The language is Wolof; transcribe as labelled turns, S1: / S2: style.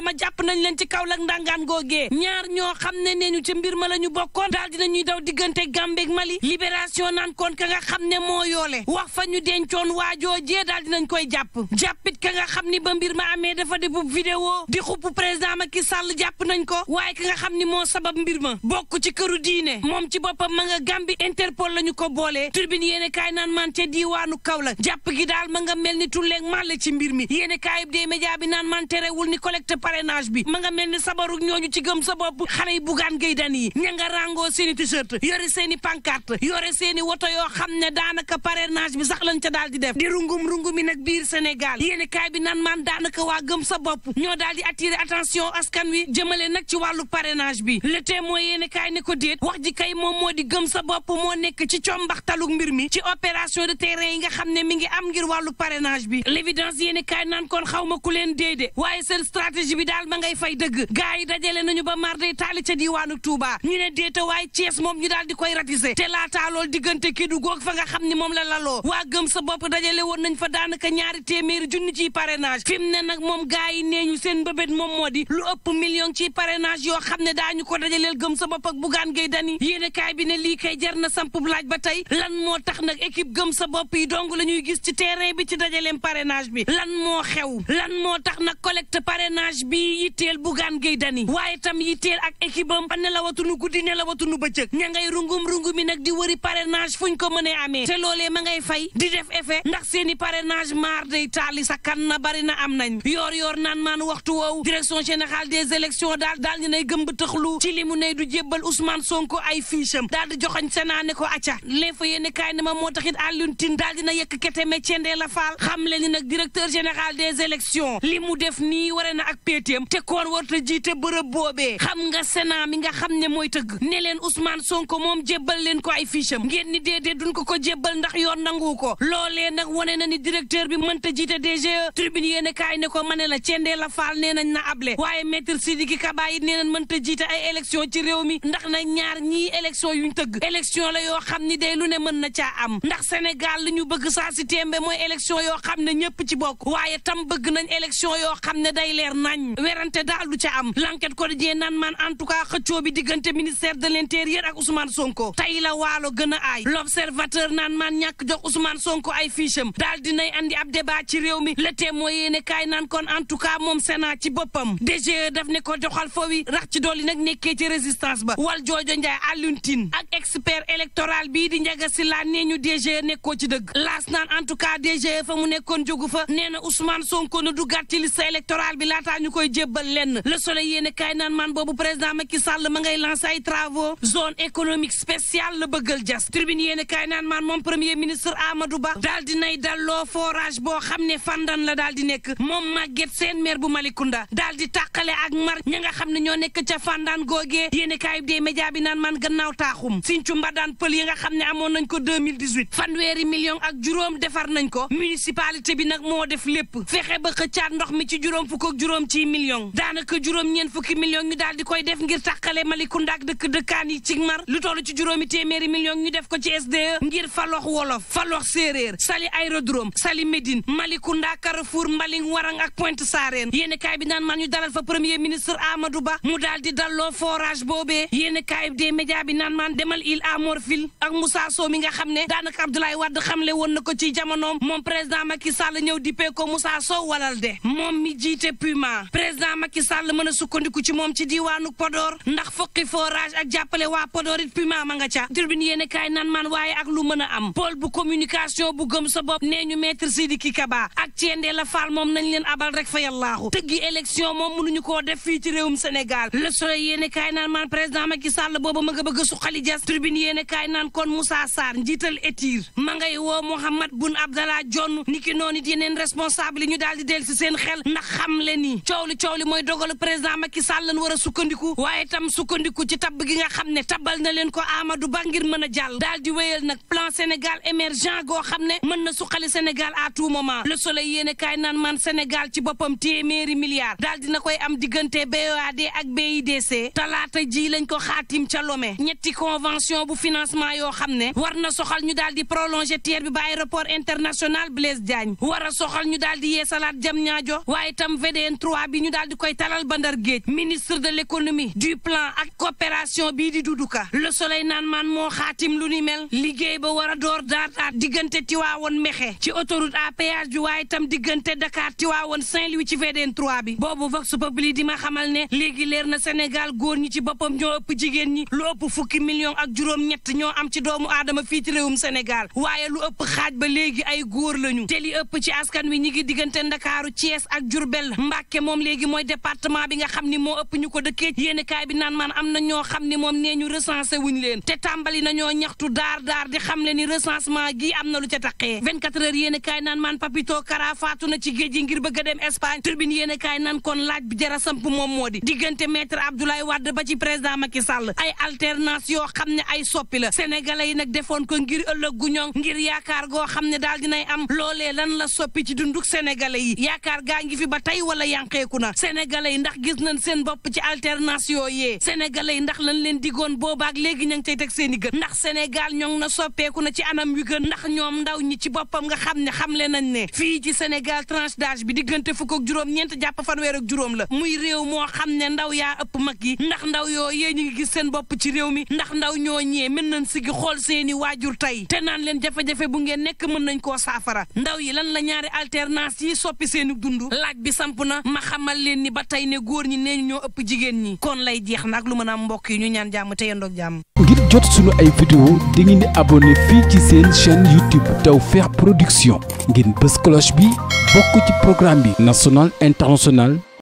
S1: ma jàpp nañ leen ci Kaolack ndangaan googee ñaar ñoo xam ne nee ñu ci mbir ma la ñu bokkoon daal dina ñuy daw diggante Gambie ak Mali libération naan koon ka nga xam ne moo yoole wax fa ñu dencoon waajoojee daal dinañ koy jàpp jàpp ka nga xam ni ba mbir ma amee dafa di bu vidéo di xupp président ki Sall jàpp nañ ko waaye ka nga xam ni moo sabab mbir ma bokk ci këru diine moom ci boppam ma nga Gambie Interpol lañu ko boolee turbine yéene kaay naan man ca diiwaanu Kaolack jàpp gi daal ma nga mel ni tulleeg màlle ci mbir mi yéene kaay bi dee média bi naan man terewul ni parrainage bi ma nga mel ni sabaru ñooñu ci gëm sa bopp xale yi bugaan gay dan yi ña nga ràngoo seeni t-shirt yore seeni pancarte yore seeni woto yoo xam ne daanaka parrainage bi sax lañ ca daal di def di rungum rungum yi nag biir Sénégal yéeni kaay bi nan maan daanaka waa gëm sa bopp ñoo daal di attirer askan wi jëmale nag ci wàllu parrainage bi le témoin yéeni kaay ne ko déet wax ji moom moo di gëm sa bopp moo nekk ci combaxtalu mbir mi ci opération de terrain yi nga xam ne mi ngi am ngir wàllu parrainage bi l'évidence bi daal ma ngay fay dëgg gars yi dajale nañu ba mardi taali ca diiwaanu Touba ñu ne déeta waaye Thiès moom ñu daal di koy ratissé te laataa lool diggante Kédougou fa nga xam ni moom la laloo waa gëm sa bopp dajale woon nañ fa daanaka ñaari téeméeri junni ci parrainage fi ne nag moom gars yi nee ñu seen mbëbét moom moo di lu ëpp million ci parrainage yoo xam ne daañu ko dajaleel gëm sa bopp ak Bougane Gueye Dany yéene kaay bi ne lii kay jar na sampub laaj ba tey lan moo tax nag équipe gëm sa bopp yi dong la ñuy gis ci terrain bi ci dajaleem parrainage bi lan moo xew lan moo tax nag collecte parrainage image bi yitteel Bougane Gueye Dany waaye tam yitteel ak équipe am ba nelawatuñu guddi nelawatuñu bëccëg ña ngay rungum rungumi nag di wëri parrainage fuñ ko mënee amee te loolee ma ngay fay di def effet ndax seeni parrainage maar day taali sa kan na na am nañ yoor yoor naan maan waxtu woowu direction générale de élections daal daal ñu nay gëmb tëxlu ci li mu ne du jébbal Ousmane Sonko ay fiche am daal di joxoñ Sénat ko acca l'info yéene kaay ne ma moo taxit Alioune Tine daal dina yëkk kete me cendee la faal li mu def nii ware na ak péetéem te koon warta jiite bërëb boobee xam nga Sénat mi nga xam ne mooy tëgg ne leen Ousmane Sonko moom jébbal leen ko ay fiche am ngeen ni déedee duñ ko ko jébbal ndax yoon nangu ko loolee nag wane na ni directeur bi mënta jiite DGE tribune yéen kaay ne ko ma ne la cendee la faal nee nañ na able waaye maître Sidiki Kaba it nee nañ mënta jiite ay élection ci réew mi ndax na ñaar ñii élection yuñ tëgg élection la yoo xam ni day lu ne mën na ca am ndax Sénégal li ñu bëgg saa si téembe mooy élection yoo xam ne ñëpp ci bokk waaye tam bëgg nañ élection yoo nañ werante daal ca am l'enquête quotidien naan man en tout cas xëccoo bi diggante ministère de l'intérieur ak Ousmane Sonko tey waalo gën a aay l'observateur naan man ñàkk jox Ousmane Sonko ay ficham daal dinay andi ab débat ci réew mi le témoin yéene kaay naan kon en moom Sénat ci boppam DGE daf ne ko joxal foofu rax ci dolli nag nekkee ci résistance ba wal joojo njaay àlluntin ak expert électoral bii di njaga si la nee ñu DGE nekkoo ci dëgg laas naan en tout cas DGE fa mu ñu koy jébbal lenn le soleil yéene kaay naan maan boobu président Macky Sall ma ngay ay travaux zone économique spéciale la bëggal jas tribune yéene kaay naan maan moom premier ministre Amadou Ba daal nay dalloo forage boo xam ne fandan la daal di nekk moom Maguette Sène maire bu Malicounda daal di tàqale ak mar ña nga xam ne ñoo nekk ca fandan googee yéene kaay bi dee média bi naan maan gannaaw taaxum Sinthiou Mbadaan pël yi nga xam ne amoon nañ ko 2018 fanweeri million ak juróom defar nañ ci millions daanaka juróom-ñeent fukki million ñu daal di koy def ngir tàqale Malicounda ak dëkk dëkkaan yi ci mar lu toll ci juróomi téeméeri millions ñu def ko ci SDE ngir falox wolof falox séeréer sali aérodrome sali Médine Malicounda Carrefour Mbaling Warang ak Pointe Sarène yéen kaay bi naan man ñu dalal fa premier ministre Amadou Ba mu daal di dalloo forage boobee yéen kaay des médias bi naan man demal il à Morphil ak Moussa Sow mi nga xam ne daanaka Abdoulaye Wade xamle woon na ko ci jamonoom moom président Macky Sall ñëw dippee ko Moussa Sow walal moom mi jiite Puma président Macky Sall mën sukkandiku ci moom ci diwaanu Podor ndax fukki forage ak jàppale waa Podor it piment ma nga ca tribune yéen kaay nan man waaye ak lu mën am pôle bu communication bu gëm sa bopp nee ñu maître Sidiki Kaba ak Thiendella la faal moom nañ leen abal rek fa yàllaahu tëggi élection moom ñu ko def fii ci réewum Sénégal le soleil yéen kaay nan man président Macky Sall boobu ma nga bëgg su xali jas tribune yéen kaay nan kon Moussa Sarr njiital étir ma ngay woo Mouhamed Boun Abdallah Dionne niki noonu it yeneen responsable yi ñu daal di del si seen xel ndax xam coow li coow li mooy dogalu président Macky Sall lan war a sukkandiku waaye tam sukkandiku ci tabb gi nga xam ne tabal na leen ko Amadou Ba ngir mën a jàll daal di wéyal nag plan Sénégal émergent goo xam ne mën na suqali Sénégal à tout moment le soleil yéene naan man Sénégal ci boppam téeméeri milliards daal dina koy am diggante BOAD e ak BIDC talaata ji lañ ko xaatim ca Lomé ñetti convention bu financement yoo xam ne war na soxal ñu daal di prolonger TER bi ba aéroport international Blaise Diagne war a soxal ñu daal di yeesalaat jam ñaajo waaye tam VDN bi ñu daal di koy talal ba ndar géej ministre de l'économie du plan ak coopération bii di Doudou Ka Le Soleil naan maan moo xaatim lu ni mel liggéey ba war a door daataat diggante Tiwaawoon Mexe ci autoroute à péage bi waaye tam diggante Dakar Tiwaawoon Saint-Louis ci VDN 3 bi boobu Vox Populi di ma xamal ne léegi leer na senegal góor ñi ci boppam ñoo ëpp jigéen ñi lu ëpp fukki million ak juróom-ñett ñoo am ci doomu aadama fii ci réewum Sénégal waaye lu ëpp xaaj ba léegi ay góor lañu te li ëpp ci askan wi ñi ngi diggante Ndakaaru Thiès ak Diourbel moom léegi mooy département bi nga xam ni moo ëpp ñu ko dëkkee yéeni kaay bi naan man am na ñoo xam ni moom nee ñu recensé wuñ leen te tàmbali nañoo ñaxtu daar daar di xam le ni recensement gi am na lu ca taqee 24 heures yéeni kaay naan man papito kara faatu na ci géej gi ngir bëgg a dem Espagne turbine yéeni kaay naan kon laaj bi jara samp moom moo di diggante maître Abdoulaye Wade ba ci président Macky Sall ay alternance yoo xam ne ay soppi la sénégalais yi nag defoon ko ngir ëllëg gu ngir yaakaar goo xam ne daal dinay am loolee lan la soppi ci dunduk sénégalais yi soppeeku na sénégalais yi ndax gis nañ seen bopp ci alternance yooyee sénégalais yi ndax lañ leen digoon boobaak léegi ña ngi cay teg seen i gën ndax sénégal ñoŋ na soppeeku na ci anam wi gën ndax ñoom ndaw ñi ci boppam nga xam ne xam leen nañ ne fii ci sénégal tranche d'âge bi diggante fukk ak juróom ñeent jàpp fanweer ak juróom la muy réew moo xam ne ndaw yaa ëpp mag yi ndax ndaw yooyee ñu ngi gis seen bopp ci réew mi ndax ndaw ñoo ñee mën nañ si xool seeni waajur tey te naan leen jafe-jafe bu ngeen nekk mën nañ koo saafara ndaw yi lan la ñaari alternance yi soppi seeni dund xamal leen ni ba tey ne góor ñi nee ñoo ëpp jigéen ñi kon lay jeex nag lu mën a mbokk yi ñu ñaan jàmm te yendoog jàmm ngir jot sunu ay vidéo di ngeen di abonné fii ci seen chaîne YouTube Tawfekh Production ngeen bës cloche bi bokk ci programme bi national international